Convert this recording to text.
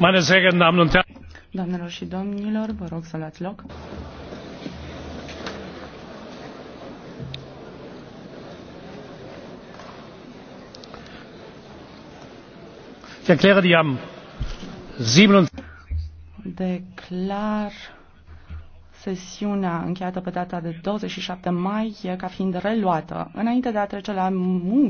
Meine sehr geehrten Damen und Herren. Doamnelor și domnilor, vă rog să luați loc. Ich erkläre die am 27. Declar sesiunea încheiată pe data de 27 mai ca fiind reluată. Înainte de a trece la muncă,